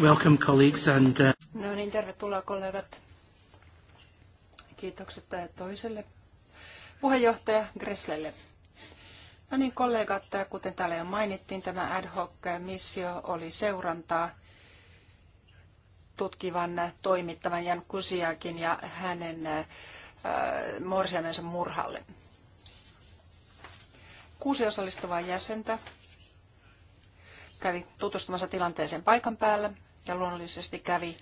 Welcome colleagues and... Uh, no niin, tervetuloa kollegat. Kiitokset äh, toiselle puheenjohtaja Greslelle. No niin, kollegat, äh, kuten täällä jo mainittiin, tämä ad hoc äh, missio oli seurantaa tutkivan toimittavan Jan Kusiakin ja hänen äh, morsiamensa murhalle. Kuusi osallistuvaa jäsentä kävi tutustumassa tilanteeseen paikan päällä ja luonnollisesti kävi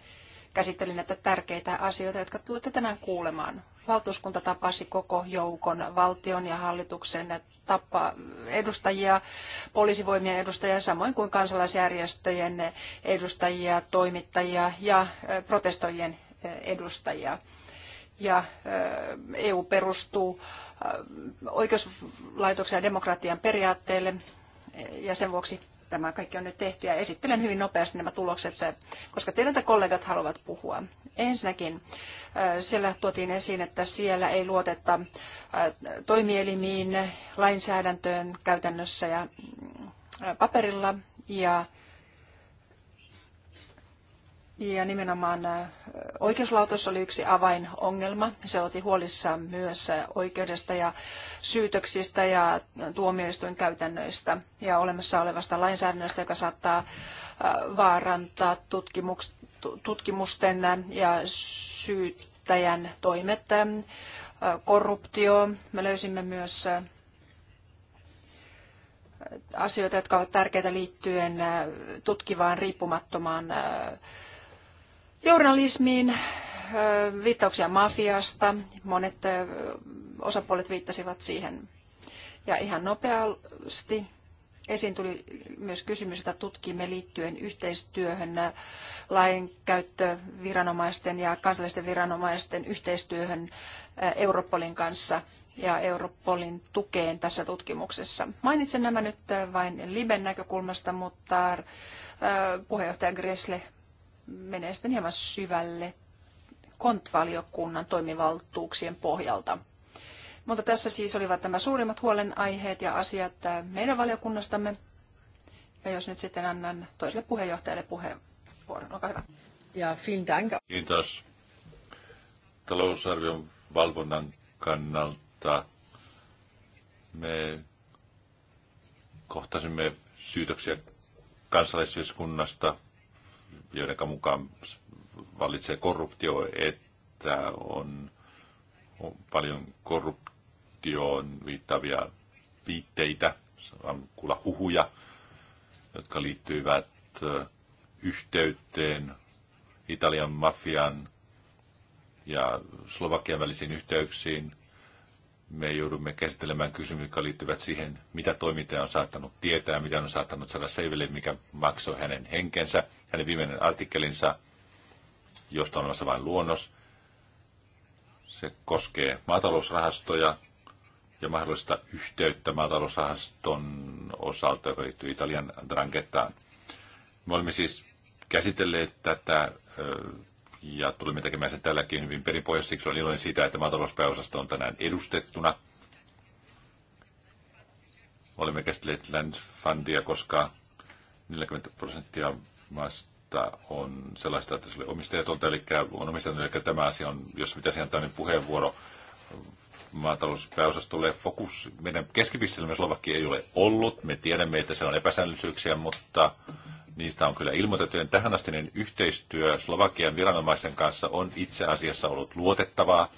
käsitteli näitä tärkeitä asioita, jotka tulette tänään kuulemaan. Valtuuskunta tapasi koko joukon valtion ja hallituksen tapa- edustajia, poliisivoimien edustajia, samoin kuin kansalaisjärjestöjen edustajia, toimittajia ja protestoijien edustajia. Ja EU perustuu oikeuslaitoksen ja demokratian periaatteelle ja sen vuoksi Tämä kaikki on nyt tehty ja esittelen hyvin nopeasti nämä tulokset, koska teidän kollegat haluavat puhua. Ensinnäkin äh, siellä tuotiin esiin, että siellä ei luoteta äh, toimielimiin, lainsäädäntöön käytännössä ja mm, äh, paperilla ja, ja nimenomaan oikeuslautos oli yksi avainongelma. Se oli huolissaan myös oikeudesta ja syytöksistä ja tuomioistuinkäytännöistä ja olemassa olevasta lainsäädännöstä, joka saattaa äh, vaarantaa tutkimusten ja syyttäjän toimet. Äh, korruptio. Me löysimme myös äh, asioita, jotka ovat tärkeitä liittyen tutkivaan riippumattomaan Journalismiin viittauksia mafiasta, monet osapuolet viittasivat siihen. Ja ihan nopeasti esiin tuli myös kysymys, jota tutkimme liittyen yhteistyöhön, lainkäyttöviranomaisten ja kansallisten viranomaisten yhteistyöhön Europolin kanssa ja Europolin tukeen tässä tutkimuksessa. Mainitsen nämä nyt vain Liben näkökulmasta, mutta puheenjohtaja Gressle menee sitten hieman syvälle kontvaliokunnan toimivaltuuksien pohjalta. Mutta tässä siis olivat nämä suurimmat huolenaiheet ja asiat meidän valiokunnastamme. Ja jos nyt sitten annan toiselle puheenjohtajalle puheenvuoron. Olkaa hyvä. Ja vielen dank. Kiitos. Talousarvion valvonnan kannalta me kohtasimme syytöksiä kansalaisyhteiskunnasta joiden mukaan vallitsee korruptio, että on, on paljon korruptioon viittavia viitteitä, on kuulla huhuja, jotka liittyvät yhteyteen Italian mafian ja Slovakian välisiin yhteyksiin. Me joudumme käsittelemään kysymyksiä, jotka liittyvät siihen, mitä toimittaja on saattanut tietää, mitä on saattanut saada selville, mikä maksoi hänen henkensä – hänen viimeinen artikkelinsa, josta on olemassa vain luonnos. Se koskee maatalousrahastoja ja mahdollista yhteyttä maatalousrahaston osalta, joka liittyy Italian drangettaan. Me olemme siis käsitelleet tätä ja tulimme tekemään sen tälläkin hyvin perinpohjassa. Siksi olen iloinen siitä, että maatalouspääosasto on tänään edustettuna. Olemme käsitelleet Landfundia, koska 40 prosenttia vasta on sellaista, että se oli omistajatonta, eli on omistajatonta, eli tämä asia on, jos pitäisi antaa niin puheenvuoro maatalouspääosastolle fokus. Meidän keskipisteellä Slovakki ei ole ollut. Me tiedämme, että se on epäsäännöllisyyksiä, mutta niistä on kyllä ilmoitettu. Ja tähänastinen niin yhteistyö Slovakian viranomaisten kanssa on itse asiassa ollut luotettavaa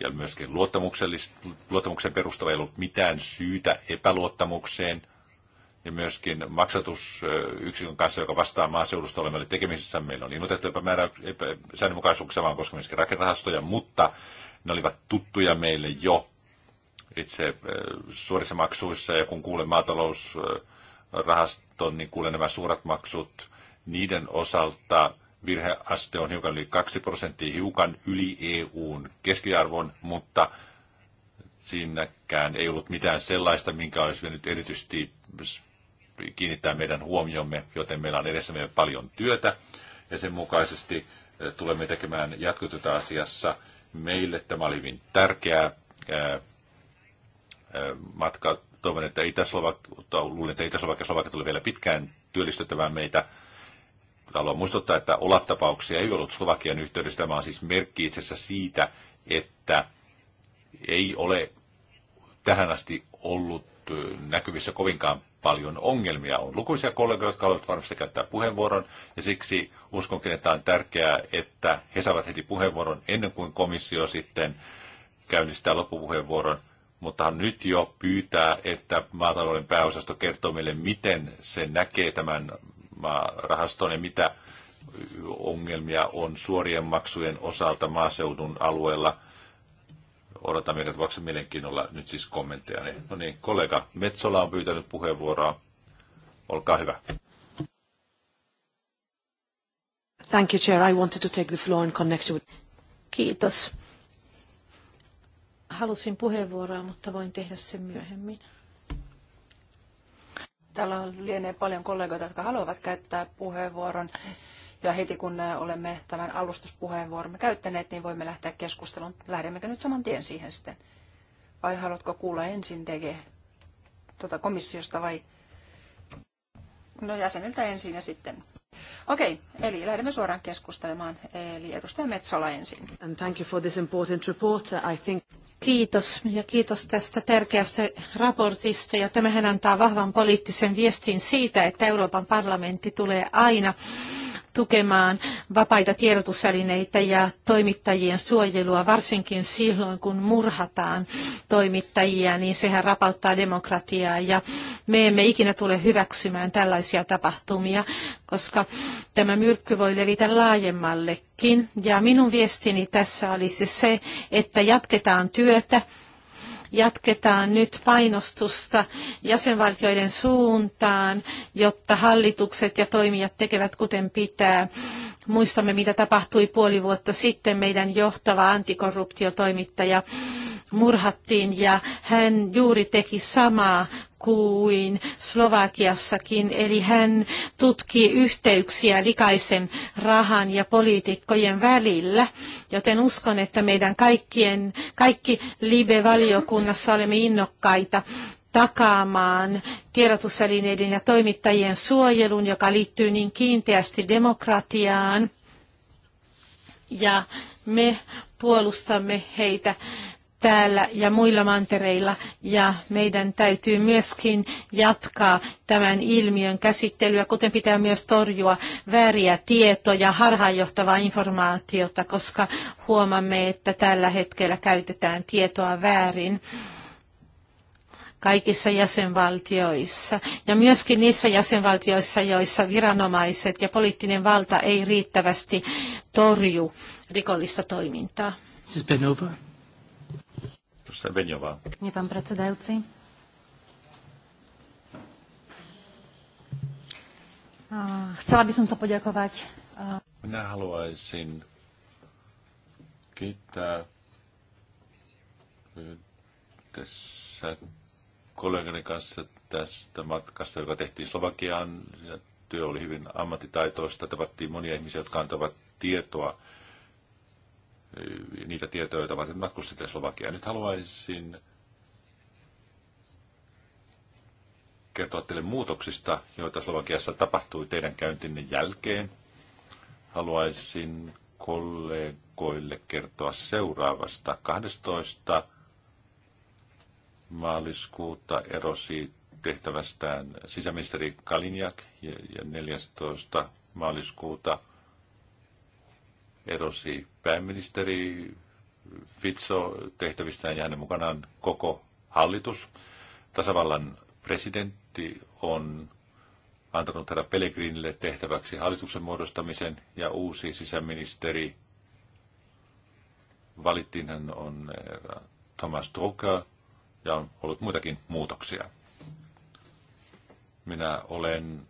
ja myöskin luottamuksen perustava ei ollut mitään syytä epäluottamukseen – ja myöskin maksatusyksikön kanssa, joka vastaa maaseudusta olemalle tekemisissä. Meillä on ilmoitettu epämäärä, epä, säännönmukaisuuksia, vaan koska myöskin rakennerahastoja, mutta ne olivat tuttuja meille jo itse äh, suorissa maksuissa ja kun kuulen maatalousrahaston, niin kuulen nämä suuret maksut. Niiden osalta virheaste on hiukan yli 2 prosenttia, hiukan yli EUn keskiarvon, mutta siinäkään ei ollut mitään sellaista, minkä olisi nyt erityisesti kiinnittää meidän huomiomme, joten meillä on edessämme paljon työtä ja sen mukaisesti eh, tulemme tekemään jatkotyötä asiassa. Meille tämä oli hyvin tärkeää eh, eh, matka. Toivon, että Itä-Slovakia, luulen, että Itä-Slovakia ja Slovakia tuli vielä pitkään työllistettävään meitä. Haluan muistuttaa, että Olaf-tapauksia ei ollut Slovakian yhteydessä. Tämä on siis merkki itse asiassa siitä, että ei ole tähän asti ollut näkyvissä kovinkaan paljon ongelmia. On lukuisia kollegoja, jotka haluavat varmasti käyttää puheenvuoron, ja siksi uskonkin, että on tärkeää, että he saavat heti puheenvuoron ennen kuin komissio sitten käynnistää loppupuheenvuoron. Mutta hän nyt jo pyytää, että maatalouden pääosasto kertoo meille, miten se näkee tämän rahaston ja mitä ongelmia on suorien maksujen osalta maaseudun alueella odotan meidän tapauksessa mielenkiinnolla nyt siis kommentteja. No niin, kollega Metsola on pyytänyt puheenvuoroa. Olkaa hyvä. Thank you, Chair. I wanted to take the floor in connection with... Kiitos. Halusin puheenvuoroa, mutta voin tehdä sen myöhemmin. Täällä on lienee paljon kollegoita, jotka haluavat käyttää puheenvuoron. Ja heti kun olemme tämän alustuspuheenvuoromme käyttäneet, niin voimme lähteä keskusteluun. Lähdemmekö nyt saman tien siihen sitten? Vai haluatko kuulla ensin DG tuota komissiosta vai? No jäseniltä ensin ja sitten. Okei, eli lähdemme suoraan keskustelemaan. Eli edustaja Metsola ensin. And thank you for this important report, I think. Kiitos ja kiitos tästä tärkeästä raportista ja tämähän antaa vahvan poliittisen viestin siitä, että Euroopan parlamentti tulee aina tukemaan vapaita tiedotusvälineitä ja toimittajien suojelua, varsinkin silloin, kun murhataan toimittajia, niin sehän rapauttaa demokratiaa ja me emme ikinä tule hyväksymään tällaisia tapahtumia, koska tämä myrkky voi levitä laajemmallekin. Ja minun viestini tässä olisi se, että jatketaan työtä, jatketaan nyt painostusta jäsenvaltioiden suuntaan, jotta hallitukset ja toimijat tekevät kuten pitää. Muistamme, mitä tapahtui puoli vuotta sitten meidän johtava antikorruptiotoimittaja murhattiin ja hän juuri teki samaa kuin Slovakiassakin, eli hän tutki yhteyksiä likaisen rahan ja poliitikkojen välillä, joten uskon, että meidän kaikkien, kaikki Libe-valiokunnassa olemme innokkaita takaamaan tiedotusvälineiden ja toimittajien suojelun, joka liittyy niin kiinteästi demokratiaan. Ja me puolustamme heitä täällä ja muilla mantereilla ja meidän täytyy myöskin jatkaa tämän ilmiön käsittelyä, kuten pitää myös torjua vääriä tietoja, harhaanjohtavaa informaatiota, koska huomamme, että tällä hetkellä käytetään tietoa väärin kaikissa jäsenvaltioissa ja myöskin niissä jäsenvaltioissa, joissa viranomaiset ja poliittinen valta ei riittävästi torju rikollista toimintaa. Siis Edustaja Benjová. Pán predsedajúci. Chcela by som sa poďakovať. Minä haluaisin kiittää tässä kollegani kanssa tästä matkasta, joka tehtiin Slovakiaan. Työ oli hyvin ammattitaitoista. Tavattiin monia ihmisiä, jotka antavat tietoa niitä tietoja, joita varten matkustitte Slovakiaan. Nyt haluaisin kertoa teille muutoksista, joita Slovakiassa tapahtui teidän käyntinne jälkeen. Haluaisin kollegoille kertoa seuraavasta. 12. maaliskuuta erosi tehtävästään sisäministeri Kalinjak ja 14. maaliskuuta – erosi pääministeri Fitso tehtävistään ja hänen mukanaan koko hallitus. Tasavallan presidentti on antanut herra Pellegrinille tehtäväksi hallituksen muodostamisen ja uusi sisäministeri valittiin hän on eh, Thomas Drucker ja on ollut muitakin muutoksia. Minä olen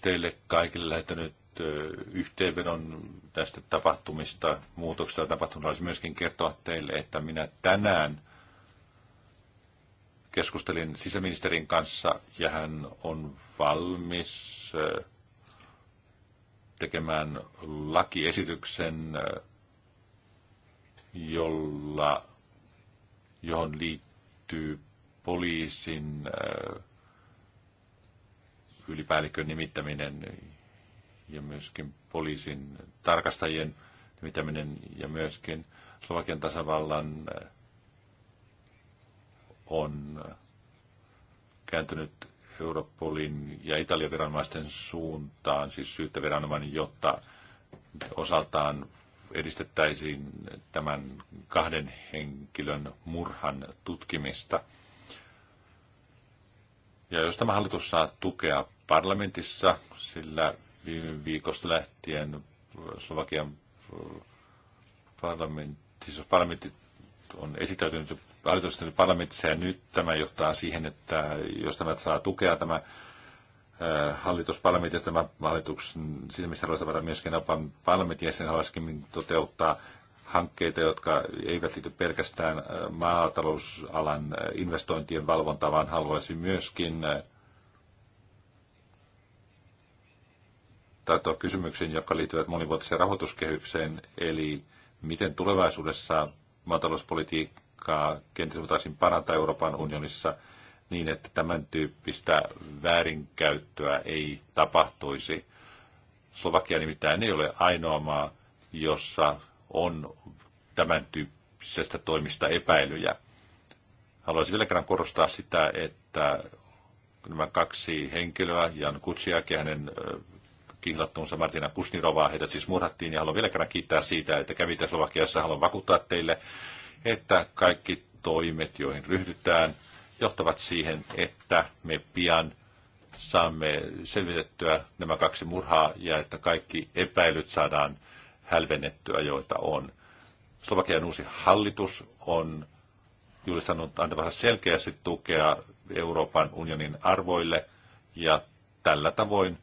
teille kaikille lähettänyt yhteenvedon tästä tapahtumista, muutoksista tapahtumista. Haluaisin myöskin kertoa teille, että minä tänään keskustelin sisäministerin kanssa ja hän on valmis tekemään lakiesityksen, jolla, johon liittyy poliisin ylipäällikön nimittäminen ja myöskin poliisin tarkastajien nimittäminen ja myöskin Slovakian tasavallan eh, on eh, kääntynyt Europolin ja Italian viranomaisten suuntaan, siis syyttäviranomainen, jotta osaltaan edistettäisiin tämän kahden henkilön murhan tutkimista. Ja jos tämä hallitus saa tukea parlamentissa, sillä viime viikosta lähtien Slovakian äh, parlamentti, siis parlamentti on esittäytynyt hallitusten parlamentissa ja nyt tämä johtaa siihen, että jos tämä saa tukea tämä äh, hallitus parlamentissa, tämä hallituksen sisämistä haluaisi tavata myöskin parlamentin jäsen haluaisikin toteuttaa hankkeita, jotka eivät liity pelkästään äh, maatalousalan investointien valvontaan, vaan haluaisi myöskin tarttua kysymyksiin, jotka liittyvät monivuotiseen rahoituskehykseen, eli miten tulevaisuudessa maatalouspolitiikkaa kenties voitaisiin parantaa Euroopan unionissa niin, että tämän tyyppistä väärinkäyttöä ei tapahtuisi. Slovakia nimittäin ei ole ainoa maa, jossa on tämän tyyppisestä toimista epäilyjä. Haluaisin vielä kerran korostaa sitä, että nämä kaksi henkilöä, Jan Kutsiak ja hänen kihlattuunsa Martina Kusnirovaa. heitä siis murhattiin ja haluan vielä kerran kiittää siitä, että kävitte Slovakiassa. Haluan vakuuttaa teille, että kaikki toimet, joihin ryhdytään, johtavat siihen, että me pian saamme selvitettyä nämä kaksi murhaa ja että kaikki epäilyt saadaan hälvennettyä, joita on. Slovakian uusi hallitus on julistanut antavansa selkeästi tukea Euroopan unionin arvoille ja tällä tavoin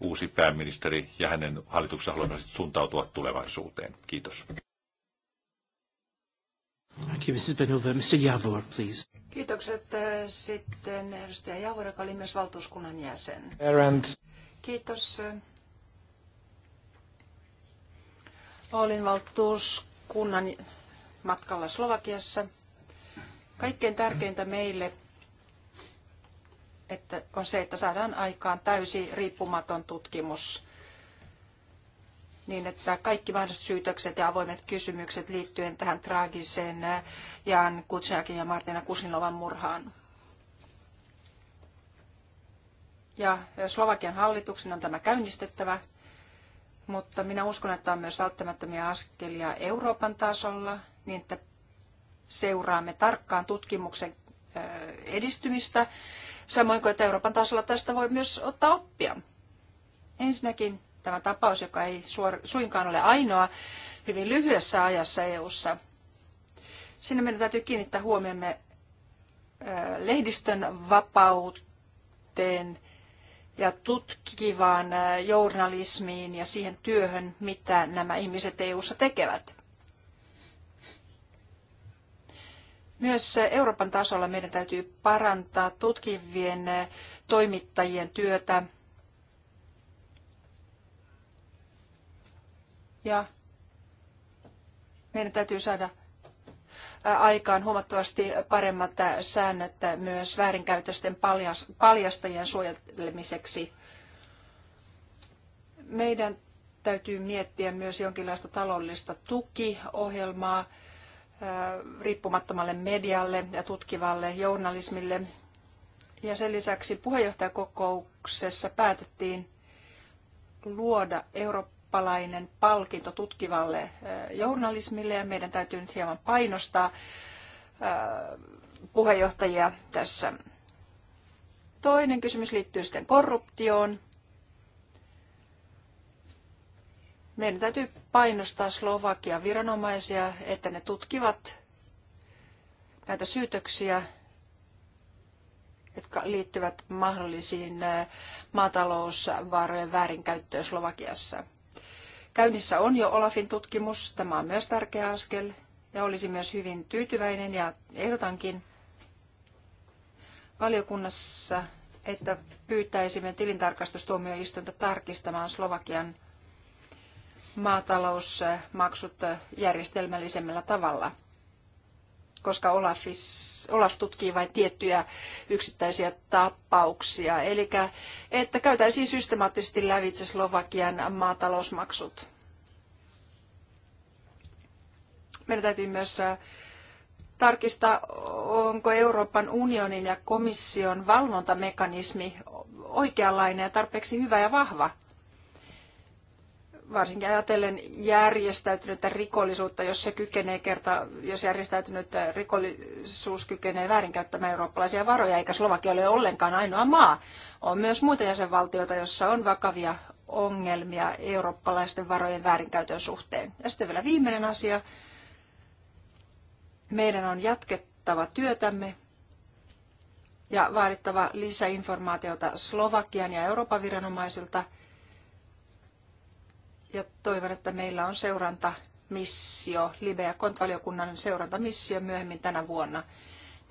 uusi pääministeri ja hänen hallituksensa haluamme suuntautua tulevaisuuteen. Kiitos. Thank you, Mrs. please. Kiitokset äh, sitten edustaja Javor, joka oli myös valtuuskunnan jäsen. Kiitos. Olin valtuuskunnan matkalla Slovakiassa. Kaikkein tärkeintä meille että on se, että saadaan aikaan täysi riippumaton tutkimus niin, että kaikki mahdolliset syytökset ja avoimet kysymykset liittyen tähän traagiseen Jan Kutsiakin ja Martina Kusnilovan murhaan. Ja Slovakian hallituksen on tämä käynnistettävä, mutta minä uskon, että on myös välttämättömiä askelia Euroopan tasolla, niin että seuraamme tarkkaan tutkimuksen edistymistä Samoin kuin, että Euroopan tasolla tästä voi myös ottaa oppia. Ensinnäkin tämä tapaus, joka ei suinkaan ole ainoa hyvin lyhyessä ajassa EU-ssa. Siinä meidän täytyy kiinnittää huomiomme lehdistön vapauteen ja tutkivaan journalismiin ja siihen työhön, mitä nämä ihmiset EU:ssa tekevät. Myös Euroopan tasolla meidän täytyy parantaa tutkivien eh, toimittajien työtä ja meidän täytyy saada eh, aikaan huomattavasti paremmat eh, säännöt myös väärinkäytösten paljastajien suojelemiseksi. Meidän täytyy miettiä myös jonkinlaista taloudellista tukiohjelmaa riippumattomalle medialle ja tutkivalle journalismille. Ja sen lisäksi puheenjohtajakokouksessa päätettiin luoda eurooppalainen palkinto tutkivalle journalismille ja meidän täytyy nyt hieman painostaa puheenjohtajia tässä. Toinen kysymys liittyy sitten korruptioon. Meidän täytyy painostaa Slovakia viranomaisia, että ne tutkivat näitä syytöksiä, jotka liittyvät mahdollisiin maatalousvaarojen väärinkäyttöön Slovakiassa. Käynnissä on jo Olafin tutkimus, tämä on myös tärkeä askel, ja olisi myös hyvin tyytyväinen ja ehdotankin valiokunnassa, että pyytäisimme tilintarkastustuomioistuinta tarkistamaan Slovakian maatalousmaksut järjestelmällisemmällä tavalla, koska Olafis, Olaf tutkii vain tiettyjä yksittäisiä tapauksia. Eli että käytäisiin systemaattisesti lävitse Slovakian maatalousmaksut. Meidän täytyy myös äh, tarkistaa, onko Euroopan unionin ja komission valvontamekanismi oikeanlainen ja tarpeeksi hyvä ja vahva varsinkin ajatellen järjestäytynyttä rikollisuutta, jos se kykenee kerta, jos järjestäytynyt rikollisuus kykenee väärinkäyttämään eurooppalaisia varoja, eikä Slovakia ole ollenkaan ainoa maa. On myös muita jäsenvaltioita, joissa on vakavia ongelmia eurooppalaisten varojen väärinkäytön suhteen. Ja sitten vielä viimeinen asia. Meidän on jatkettava työtämme ja vaadittava lisäinformaatiota Slovakian ja Euroopan viranomaisilta – ja toivon, että meillä on seurantamissio, Libe- ja Kontvaliokunnan seurantamissio myöhemmin tänä vuonna,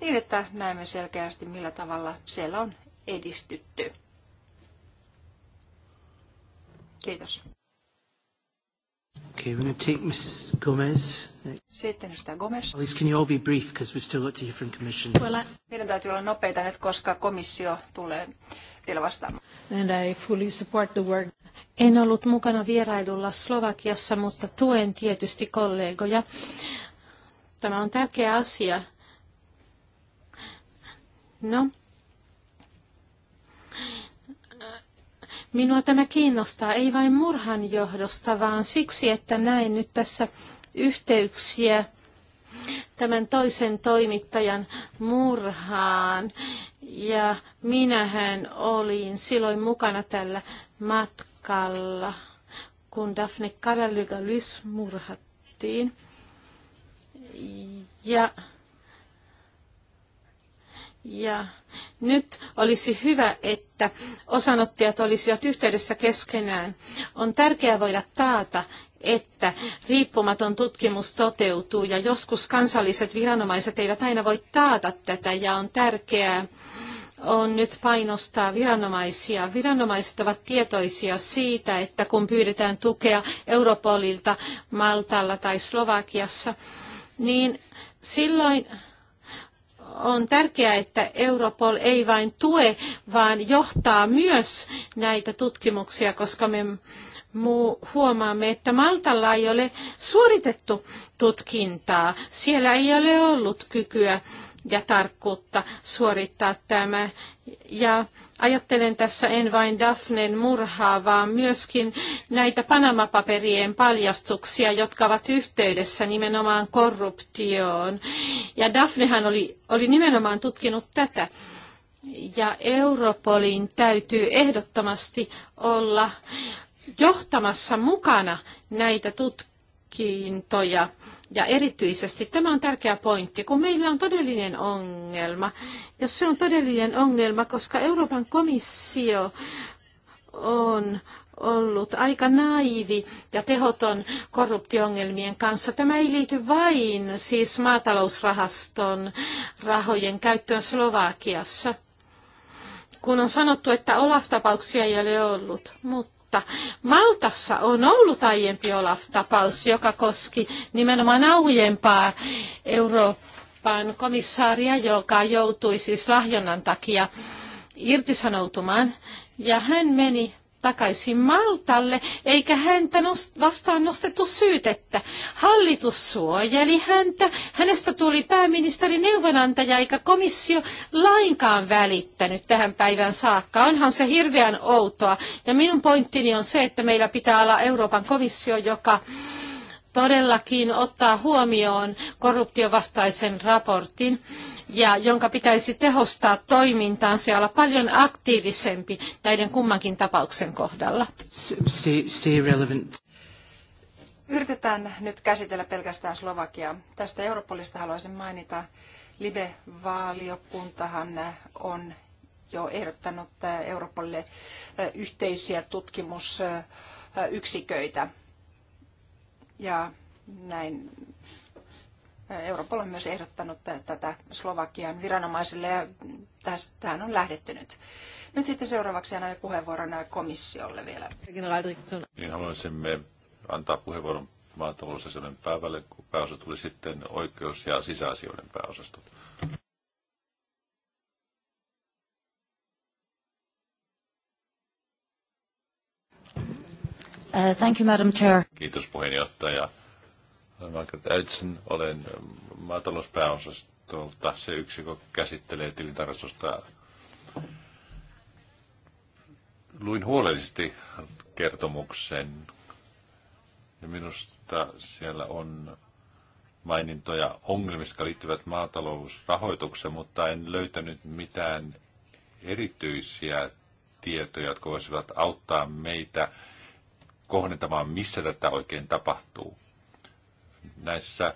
niin että näemme selkeästi, millä tavalla siellä on edistytty. Kiitos. Okay, we're going to take Mrs. Gomez Sitten edustaja Gomez. Please, can you all be brief, because we've still got to hear from Commission. Well, I... Meidän täytyy olla nopeita nyt, koska komissio tulee vielä vastaamaan. And I fully support the work. En ollut mukana vierailulla Slovakiassa, mutta tuen tietysti kollegoja. Tämä on tärkeä asia. No. Minua tämä kiinnostaa ei vain murhan johdosta, vaan siksi, että näen nyt tässä yhteyksiä tämän toisen toimittajan murhaan. Ja minähän olin silloin mukana tällä matkalla, kun Daphne Kalalygallys murhattiin. Ja, ja nyt olisi hyvä, että osanottajat olisivat yhteydessä keskenään. On tärkeää voida taata, että riippumaton tutkimus toteutuu ja joskus kansalliset viranomaiset eivät aina voi taata tätä ja on tärkeää, on nyt painostaa viranomaisia. Viranomaiset ovat tietoisia siitä, että kun pyydetään tukea Europolilta Maltalla tai Slovakiassa, niin silloin on tärkeää, että Europol ei vain tue, vaan johtaa myös näitä tutkimuksia, koska me huomaamme, että Maltalla ei ole suoritettu tutkintaa. Siellä ei ole ollut kykyä ja tarkkuutta suorittaa tämä. Ja ajattelen tässä en vain Daphnen murhaa, vaan myöskin näitä Panama-paperien paljastuksia, jotka ovat yhteydessä nimenomaan korruptioon. Ja Daphnehan oli, oli nimenomaan tutkinut tätä. Ja Europolin täytyy ehdottomasti olla johtamassa mukana näitä tutkintoja ja erityisesti tämä on tärkeä pointti, kun meillä on todellinen ongelma. Ja se on todellinen ongelma, koska Euroopan komissio on ollut aika naivi ja tehoton korruptiongelmien kanssa. Tämä ei liity vain siis maatalousrahaston rahojen käyttöön Slovakiassa kun on sanottu, että Olaf-tapauksia ei ole ollut, mutta mutta Maltassa on ollut aiempi Olaf-tapaus, joka koski nimenomaan aujempaa Euroopan komissaaria, joka joutui siis lahjonnan takia irtisanoutumaan. Ja hän meni takaisin Maltalle, eikä häntä vastaan nostettu syytettä. Hallitus suojeli häntä, hänestä tuli pääministeri neuvonantaja, eikä komissio lainkaan välittänyt tähän päivään saakka. Onhan se hirveän outoa. Ja minun pointtini on se, että meillä pitää olla Euroopan komissio, joka todellakin ottaa huomioon korruptiovastaisen raportin, ja jonka pitäisi tehostaa toimintaansa ja olla paljon aktiivisempi näiden kummankin tapauksen kohdalla. Stay, stay relevant. Yritetään nyt käsitellä pelkästään Slovakiaa. Tästä Europolista haluaisin mainita. Libe-vaaliokuntahan on jo ehdottanut Europolille yhteisiä tutkimusyksiköitä. Ja näin Euroopalla on myös ehdottanut tätä Slovakian viranomaisille ja tähän on lähdetty nyt. Nyt sitten seuraavaksi annamme puheenvuoron komissiolle vielä. Niin haluaisimme antaa puheenvuoron maatalousasioiden päivälle, kun pääosa tuli sitten oikeus- ja sisäasioiden pääosastolle. Uh, thank you, Madam Chair. Kiitos puheenjohtaja. Margaret Edson, olen maatalouspääosastolta se yksikö käsittelee tilintarkastusta. Luin huolellisesti kertomuksen ja minusta siellä on mainintoja ongelmista, jotka liittyvät maatalousrahoitukseen, mutta en löytänyt mitään erityisiä tietoja, jotka voisivat auttaa meitä kohdentamaan, missä tätä oikein tapahtuu. Näissä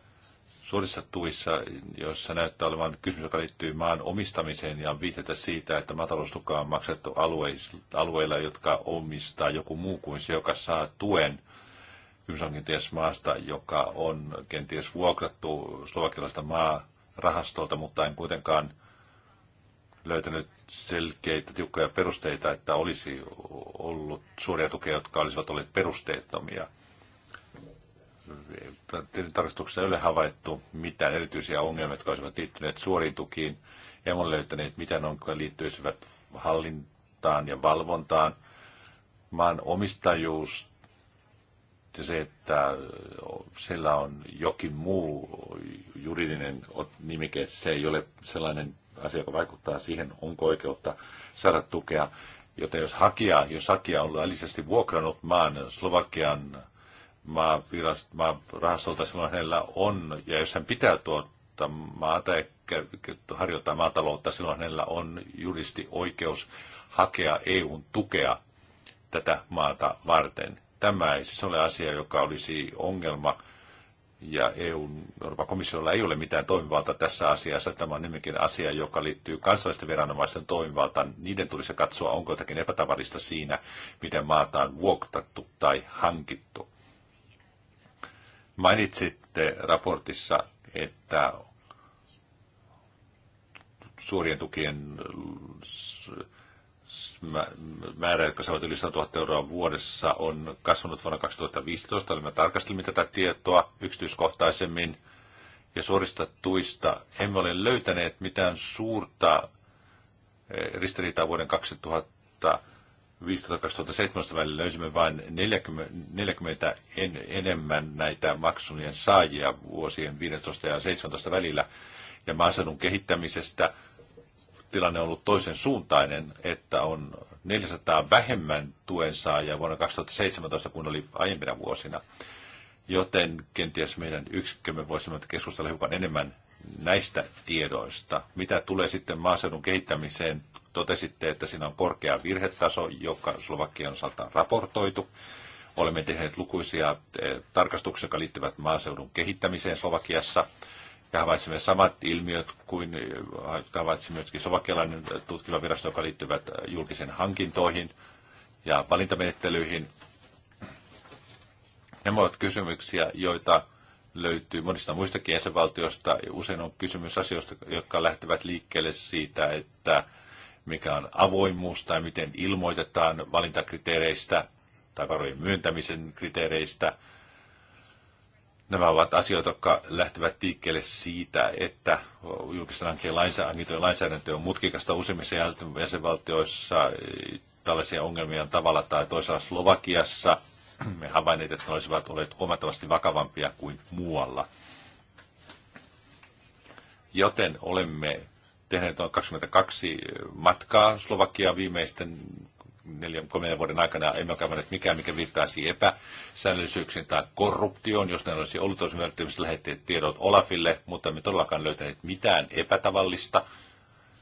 suurissa tuissa, joissa näyttää olevan kysymys, joka liittyy maan omistamiseen ja viitetä siitä, että maataloustukaa on maksettu alueilla, jotka omistaa joku muu kuin se, joka saa tuen. Kysymys on kenties maasta, joka on kenties vuokrattu slovakialaista maa rahastolta, mutta en kuitenkaan löytänyt selkeitä, tiukkoja perusteita, että olisi ollut suuria tukia, jotka olisivat olleet perusteettomia. Tarkastuksessa ei ole havaittu mitään erityisiä ongelmia, jotka olisivat liittyneet suoriin tukiin. Emme ole löytäneet mitään ongelmia liittyisivät hallintaan ja valvontaan. Maan omistajuus ja se, että siellä on jokin muu juridinen nimike, se ei ole sellainen asia, joka vaikuttaa siihen, onko oikeutta saada tukea. Joten jos hakija, jos hakija on laillisesti vuokranut maan Slovakian maavirast, maa silloin hänellä on, ja jos hän pitää tuota maata ja harjoittaa maataloutta, silloin hänellä on juristi oikeus hakea EUn tukea tätä maata varten. Tämä ei siis ole asia, joka olisi ongelma ja EUn Euroopan komissiolla ei ole mitään toimivalta tässä asiassa. Tämä on nimenkin asia, joka liittyy kansallisten viranomaisten toimivaltaan. Niiden tulisi katsoa, onko jotakin epätavallista siinä, miten maata on vuokrattu tai hankittu. Mainitsitte raportissa, että suorien tukien määrä, jotka saavat yli 100 000 euroa vuodessa, on kasvanut vuonna 2015. Me tarkastelimme tätä tietoa yksityiskohtaisemmin ja suorista tuista emme ole löytäneet mitään suurta eh, ristiriitaa vuoden 2015-2017 välillä. Löysimme vain 40, 40 en, enemmän näitä maksunien saajia vuosien 15 ja 17 välillä. Ja maaseudun kehittämisestä – tilanne on ollut toisen suuntainen, että on 400 vähemmän saajia vuonna 2017 kuin oli aiempina vuosina. Joten kenties meidän yksikkömme voisimme keskustella hiukan enemmän näistä tiedoista. Mitä tulee sitten maaseudun kehittämiseen, totesitte, että siinä on korkea virhetaso, joka Slovakian osalta on raportoitu. Olemme tehneet lukuisia eh, tarkastuksia, jotka liittyvät maaseudun kehittämiseen Slovakiassa ja havaitsimme samat ilmiöt kuin havaitsimme myöskin sovakialainen tutkivavirasto, joka liittyvät julkisen hankintoihin ja valintamenettelyihin. Nämä ovat kysymyksiä, joita löytyy monista muistakin jäsenvaltioista. Usein on kysymys asioista, jotka lähtevät liikkeelle siitä, että mikä on avoimuus tai miten ilmoitetaan valintakriteereistä tai varojen myöntämisen kriteereistä – Nämä ovat asioita, jotka lähtevät liikkeelle siitä, että julkisten hankkeen lainsäädäntö on mutkikasta useimmissa jäsenvaltioissa. Eh, tällaisia ongelmia on tavalla tai toisaalta Slovakiassa. Me havainneet, että ne olisivat olleet huomattavasti vakavampia kuin muualla. Joten olemme tehneet noin 22 matkaa Slovakia viimeisten neljän, kolmen vuoden aikana emme ole käyneet mikään, mikä viittaisi epäsäännöllisyyksiin tai korruptioon. Jos näillä olisi ollut, olisimme välttämättä lähettäneet tiedot Olafille, mutta me todellakaan löytäneet mitään epätavallista.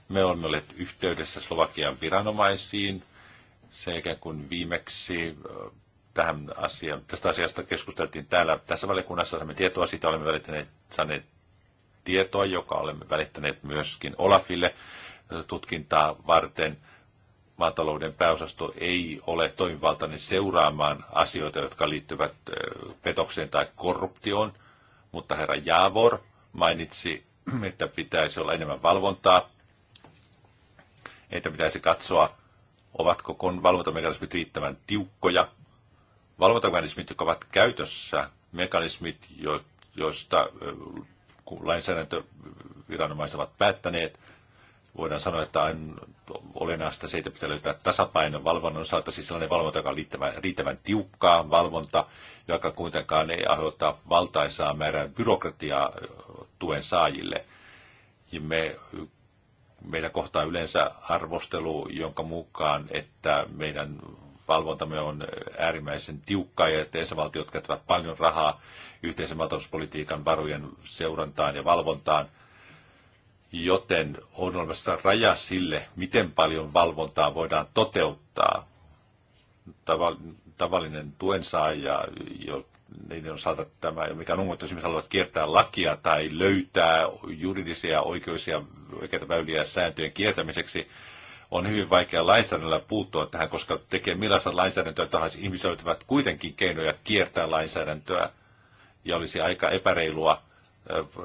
Me olemme olleet yhteydessä Slovakian viranomaisiin sekä kun viimeksi äh, tähän asiaan, tästä asiasta keskusteltiin täällä tässä valiokunnassa, saamme tietoa siitä, olemme välittäneet, saaneet tietoa, joka olemme välittäneet myöskin Olafille tutkintaa varten – maatalouden pääosasto ei ole toimivaltainen seuraamaan asioita, jotka liittyvät petokseen tai korruptioon, mutta herra Jaavor mainitsi, että pitäisi olla enemmän valvontaa, että pitäisi katsoa, ovatko valvontamekanismit riittävän tiukkoja. Valvontamekanismit, jotka ovat käytössä, mekanismit, joista lainsäädäntöviranomaiset ovat päättäneet, voidaan sanoa, että on olennaista se, että pitää löytää tasapaino valvonnan osalta, siis sellainen valvonta, joka on riittävän, riittävän tiukkaa valvonta, joka kuitenkaan ei aiheuta valtaisaa määrää byrokratiaa tuen saajille. Ja me, meitä kohtaa yleensä arvostelu, jonka mukaan, että meidän valvontamme on äärimmäisen tiukkaa ja että jäsenvaltiot käyttävät paljon rahaa yhteisen maatalouspolitiikan varojen seurantaan ja valvontaan – joten on olemassa raja sille, miten paljon valvontaa voidaan toteuttaa. Tavallinen tuensaaja, jo, niin on osalta tämä, mikä on ongelma, jos esimerkiksi haluat kiertää lakia tai löytää juridisia oikeuksia, oikeita väyliä sääntöjen kiertämiseksi, on hyvin vaikea lainsäädännöllä puuttua tähän, koska tekee millaista lainsäädäntöä tahansa, ihmiset löytävät kuitenkin keinoja kiertää lainsäädäntöä, ja olisi aika epäreilua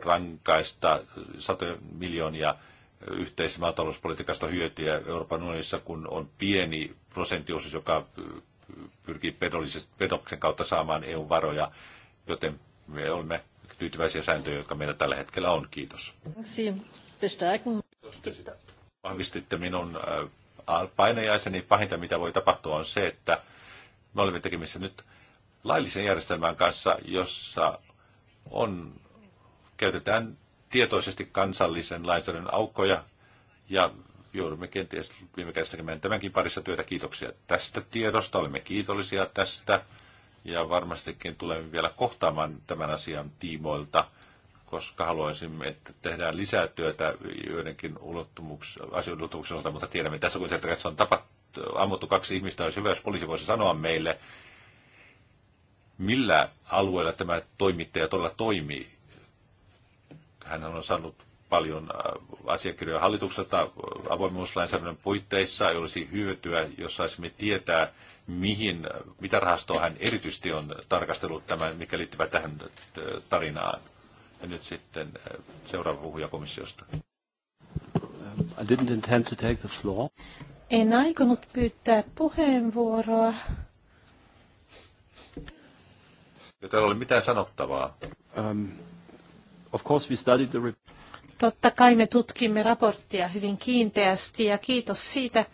rankaista satoja miljoonia yhteismaatalouspolitiikasta maatalouspolitiikasta hyötyä Euroopan unionissa, kun on pieni prosenttiosuus, joka pyrkii pedoksen kautta saamaan EU-varoja, joten me olemme tyytyväisiä sääntöjä, jotka meillä tällä hetkellä on. Kiitos. Kiitos. Vahvistitte minun äh, painajaiseni. Pahinta, mitä voi tapahtua, on se, että me olemme tekemissä nyt laillisen järjestelmän kanssa, jossa on käytetään tietoisesti kansallisen lainsäädännön aukkoja ja joudumme kenties viime kädessäkin tämänkin parissa työtä. Kiitoksia tästä tiedosta, olemme kiitollisia tästä ja varmastikin tulemme vielä kohtaamaan tämän asian tiimoilta, koska haluaisimme, että tehdään lisää työtä joidenkin asioiden ulottuvuuksien osalta, mutta tiedämme tässä, kun että on tapahtu, ammuttu kaksi ihmistä, olisi hyvä, jos poliisi voisi sanoa meille, millä alueella tämä toimittaja todella toimii hän on saanut paljon äh, asiakirjoja hallitukselta äh, avoimuuslainsäädännön puitteissa. Ei olisi hyötyä, jos saisimme tietää, mihin, äh, mitä rahastoa hän erityisesti on tarkastellut tämän, mikä liittyvät tähän tarinaan. Ja nyt sitten seuraava puhuja komissiosta. I didn't intend to take the floor. En aikonut pyytää puheenvuoroa. Täällä oli mitään sanottavaa. Um, Of course we studied the Totta kai me tutkimme raporttia hyvin kiinteästi ja kiitos siitä,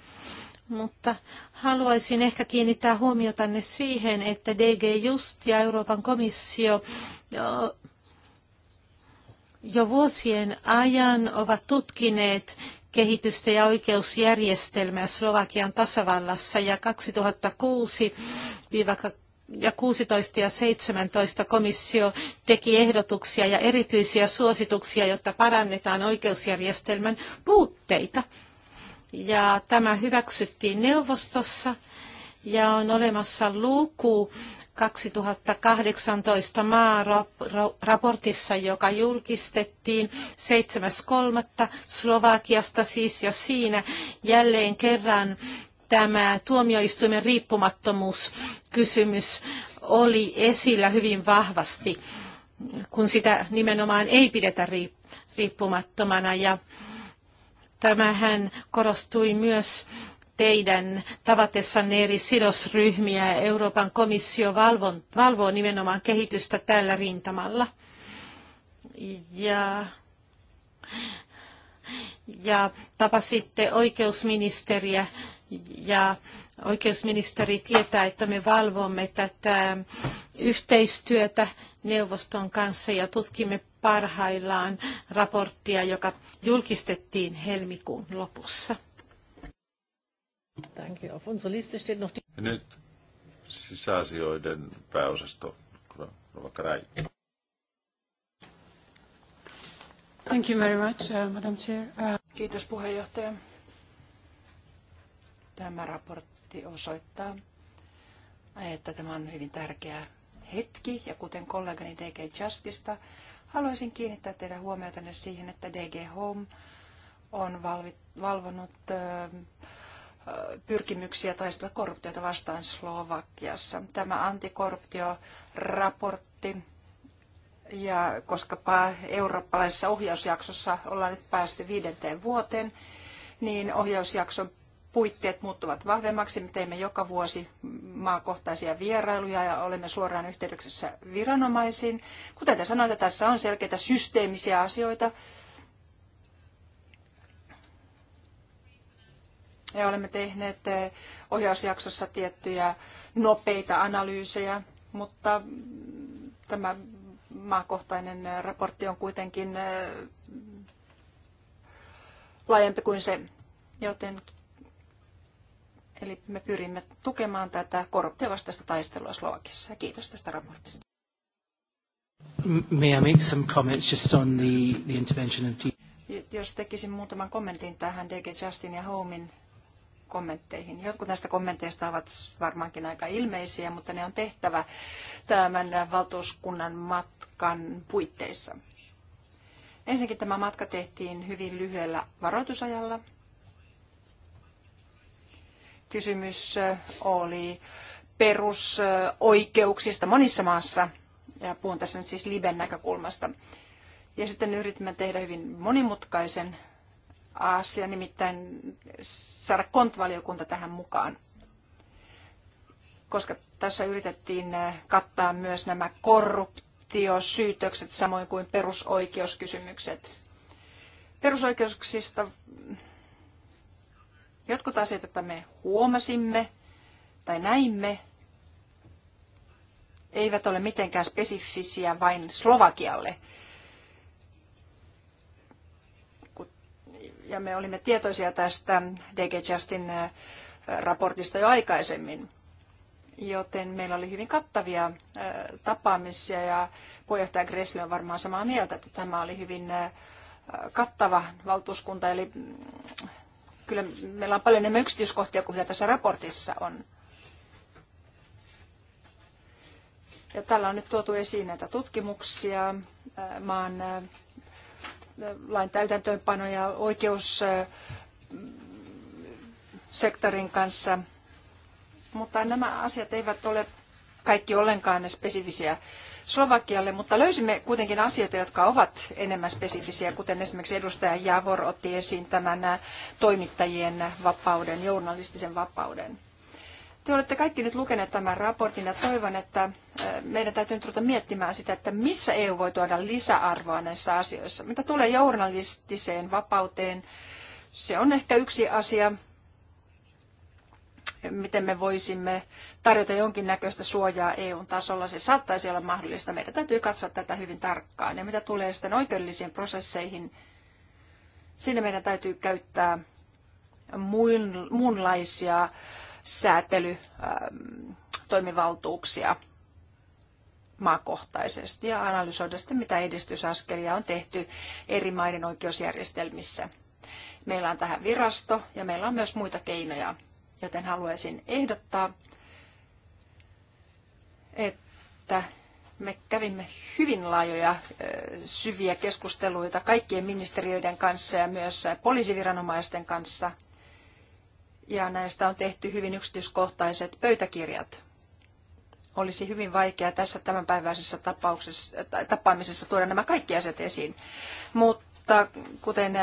mutta haluaisin ehkä kiinnittää huomiotanne siihen, että DG Just ja Euroopan komissio jo vuosien ajan ovat tutkineet kehitystä ja oikeusjärjestelmää Slovakian tasavallassa ja 2006 ja 16 ja 17 komissio teki ehdotuksia ja erityisiä suosituksia, jotta parannetaan oikeusjärjestelmän puutteita. Ja tämä hyväksyttiin neuvostossa ja on olemassa luku 2018 maaraportissa, joka julkistettiin 7.3. Slovakiasta siis ja siinä jälleen kerran tämä tuomioistuimen riippumattomuuskysymys oli esillä hyvin vahvasti, kun sitä nimenomaan ei pidetä riippumattomana. Ja tämähän korostui myös teidän tavatessanne eri sidosryhmiä. Euroopan komissio valvoo nimenomaan kehitystä tällä rintamalla. Ja, ja tapasitte oikeusministeriä ja oikeusministeri tietää, että me valvomme tätä yhteistyötä neuvoston kanssa ja tutkimme parhaillaan raporttia, joka julkistettiin helmikuun lopussa. Ja nyt sisäasioiden pääosasto, vaikka Rai. Thank you very much, uh, Madam Chair. Uh... Kiitos puheenjohtaja. Tämä raportti osoittaa, että tämä on hyvin tärkeä hetki ja kuten kollegani DG Justista, haluaisin kiinnittää teidän huomiota siihen, että DG Home on valvonut pyrkimyksiä taistella korruptiota vastaan Slovakiassa. Tämä antikorruptioraportti ja koska eurooppalaisessa ohjausjaksossa ollaan nyt päästy viidenteen vuoteen, niin ohjausjakson puitteet muuttuvat vahvemmaksi. Me teemme joka vuosi maakohtaisia vierailuja ja olemme suoraan yhteydessä viranomaisiin. Kuten te sanoitte, tässä on selkeitä systeemisiä asioita. Ja olemme tehneet eh, ohjausjaksossa tiettyjä nopeita analyysejä, mutta tämä maakohtainen eh, raportti on kuitenkin eh, laajempi kuin se, joten Eli me pyrimme tukemaan tätä korruptiovastaista taistelua Slovakissa. Kiitos tästä raportista. May I make some comments just on the, the intervention of Jos tekisin muutaman kommentin tähän DG Justin ja Homin kommentteihin. Jotkut näistä kommenteista ovat varmaankin aika ilmeisiä, mutta ne on tehtävä tämän valtuuskunnan matkan puitteissa. Ensinnäkin tämä matka tehtiin hyvin lyhyellä varoitusajalla, kysymys oli perusoikeuksista monissa maassa, ja puhun tässä nyt siis Liben näkökulmasta. Ja sitten yritimme tehdä hyvin monimutkaisen asian, nimittäin saada kontvaliokunta tähän mukaan, koska tässä yritettiin kattaa myös nämä korruptiosyytökset samoin kuin perusoikeuskysymykset. Perusoikeuksista Jotkut asiat, joita me huomasimme tai näimme, eivät ole mitenkään spesifisiä vain Slovakialle. Ja me olimme tietoisia tästä DG Justin äh, raportista jo aikaisemmin. Joten meillä oli hyvin kattavia äh, tapaamisia ja puheenjohtaja Gressli on varmaan samaa mieltä, että tämä oli hyvin äh, kattava valtuuskunta, eli mm, kyllä meillä on paljon enemmän yksityiskohtia kuin mitä tässä raportissa on. Ja tällä on nyt tuotu esiin näitä tutkimuksia, maan lain täytäntöönpanoja oikeussektorin kanssa. Mutta nämä asiat eivät ole kaikki ollenkaan spesifisiä Slovakialle, mutta löysimme kuitenkin asioita, jotka ovat enemmän spesifisiä, kuten esimerkiksi edustaja Javor otti esiin tämän äh, toimittajien vapauden, journalistisen vapauden. Te olette kaikki nyt lukeneet tämän raportin ja toivon, että äh, meidän täytyy nyt ruveta miettimään sitä, että missä EU voi tuoda lisäarvoa näissä asioissa. Mitä tulee journalistiseen vapauteen, se on ehkä yksi asia, miten me voisimme tarjota jonkinnäköistä suojaa EU-tasolla. Se saattaisi olla mahdollista. Meidän täytyy katsoa tätä hyvin tarkkaan. Ja mitä tulee sitten oikeudellisiin prosesseihin, siinä meidän täytyy käyttää muunlaisia säätelytoimivaltuuksia ähm, maakohtaisesti ja analysoida sitten, mitä edistysaskelia on tehty eri maiden oikeusjärjestelmissä. Meillä on tähän virasto ja meillä on myös muita keinoja Joten haluaisin ehdottaa, että me kävimme hyvin laajoja syviä keskusteluita kaikkien ministeriöiden kanssa ja myös poliisiviranomaisten kanssa. Ja näistä on tehty hyvin yksityiskohtaiset pöytäkirjat. Olisi hyvin vaikea tässä tämänpäiväisessä tapauksessa, tapaamisessa tuoda nämä kaikki asiat esiin, mutta mutta kuten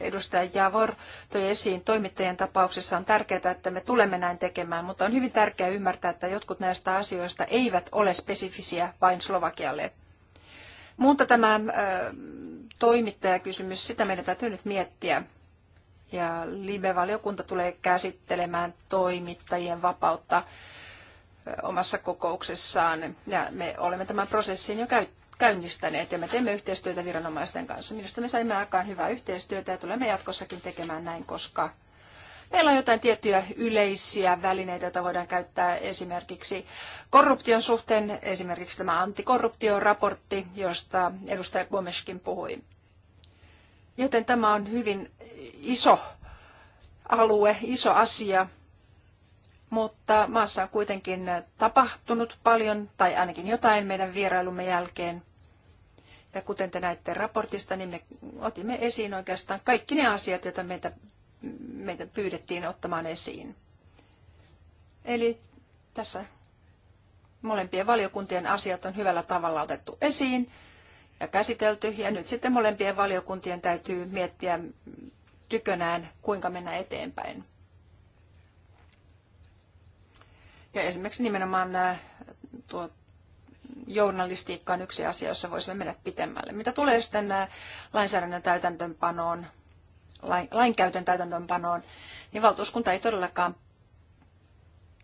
edustaja Javor toi esiin toimittajien tapauksessa, on tärkeää, että me tulemme näin tekemään, mutta on hyvin tärkeää ymmärtää, että jotkut näistä asioista eivät ole spesifisiä vain Slovakialle. Mutta tämä toimittajakysymys, sitä meidän täytyy nyt miettiä. Ja Libe-valiokunta tulee käsittelemään toimittajien vapautta omassa kokouksessaan. Ja me olemme tämän prosessin jo käyttäneet käynnistäneet ja me teemme yhteistyötä viranomaisten kanssa. Minusta me saimme aikaan hyvää yhteistyötä ja tulemme jatkossakin tekemään näin, koska meillä on jotain tiettyjä yleisiä välineitä, joita voidaan käyttää esimerkiksi korruption suhteen, esimerkiksi tämä antikorruptioraportti, josta edustaja Gomeskin puhui. Joten tämä on hyvin iso alue, iso asia, mutta maassa on kuitenkin tapahtunut paljon, tai ainakin jotain meidän vierailumme jälkeen. Ja kuten te näitte raportista, niin me otimme esiin oikeastaan kaikki ne asiat, joita meitä, meitä pyydettiin ottamaan esiin. Eli tässä molempien valiokuntien asiat on hyvällä tavalla otettu esiin ja käsitelty. Ja nyt sitten molempien valiokuntien täytyy miettiä tykönään, kuinka mennä eteenpäin. Ja esimerkiksi nimenomaan nämä, äh, tuo journalistiikka on yksi asia, jossa voisimme mennä pitemmälle. Mitä tulee sitten äh, lainsäädännön täytäntöönpanoon, lain, lainkäytön täytäntöönpanoon, niin valtuuskunta ei todellakaan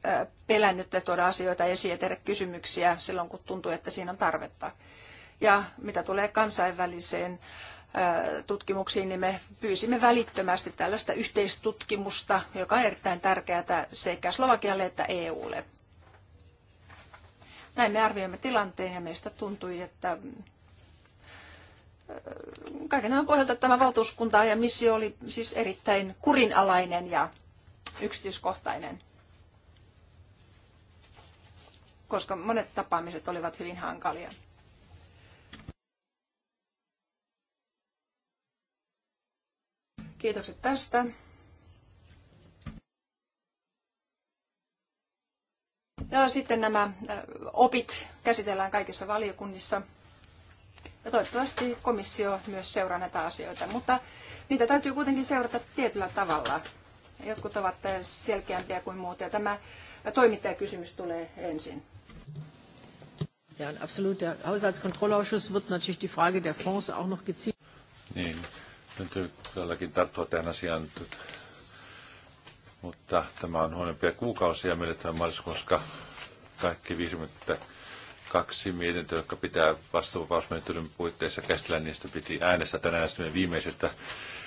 äh, pelännyt tuoda asioita esiin ja tehdä kysymyksiä silloin, kun tuntuu, että siinä on tarvetta. Ja mitä tulee kansainväliseen tutkimuksiin, niin me pyysimme välittömästi tällaista yhteistutkimusta, joka on erittäin tärkeää sekä Slovakialle että EUlle. Näin me arvioimme tilanteen ja meistä tuntui, että kaiken tämän pohjalta tämä valtuuskunta ja missio oli siis erittäin kurinalainen ja yksityiskohtainen, koska monet tapaamiset olivat hyvin hankalia. Kiitokset tästä. Ja sitten nämä äh, opit käsitellään kaikissa valiokunnissa. Ja toivottavasti komissio myös seuraa näitä asioita, mutta niitä täytyy kuitenkin seurata tietyllä tavalla. Jotkut ovat äh, selkeämpiä kuin muut ja tämä toimittajakysymys tulee ensin. Ja, absolut. Der Haushaltskontrollausschuss wird natürlich die Frage der Fonds auch noch gezielt. Niin täytyy todellakin tarttua tähän asiaan, mutta tämä on huonompia kuukausia meille tämä koska kaikki 52 mietintöä, jotka pitää vastuuvapausmenettelyn puitteissa käsitellä, niistä piti äänestä tänään viimeisestä.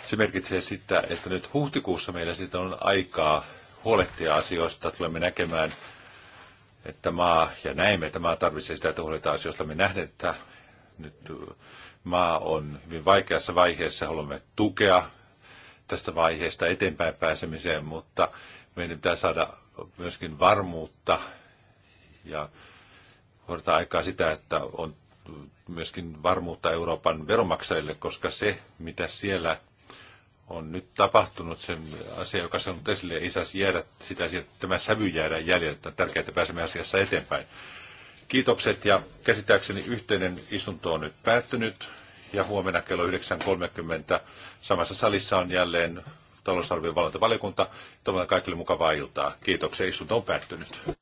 Se merkitsee sitä, että nyt huhtikuussa meillä siitä on aikaa huolehtia asioista. Tulemme näkemään, että maa, ja näemme, että maa tarvitsee sitä, että huolehtia asioista. Me nähdään, että nyt maa on hyvin vaikeassa vaiheessa, haluamme tukea tästä vaiheesta eteenpäin pääsemiseen, mutta meidän pitää saada myöskin varmuutta ja hoidetaan aikaa sitä, että on myöskin varmuutta Euroopan veromaksajille, koska se, mitä siellä on nyt tapahtunut, se asia, joka on esille, ei saisi jäädä, sitä, sitä tämä sävy jäädä jäljellä. On tärkeää, että pääsemme asiassa eteenpäin. Kiitokset ja käsittääkseni yhteinen istunto on nyt päättynyt ja huomenna kello 9.30 samassa salissa on jälleen talousarvion valvontavaliokunta. Toivotan kaikille mukavaa iltaa. Kiitoksia, istunto on päättynyt.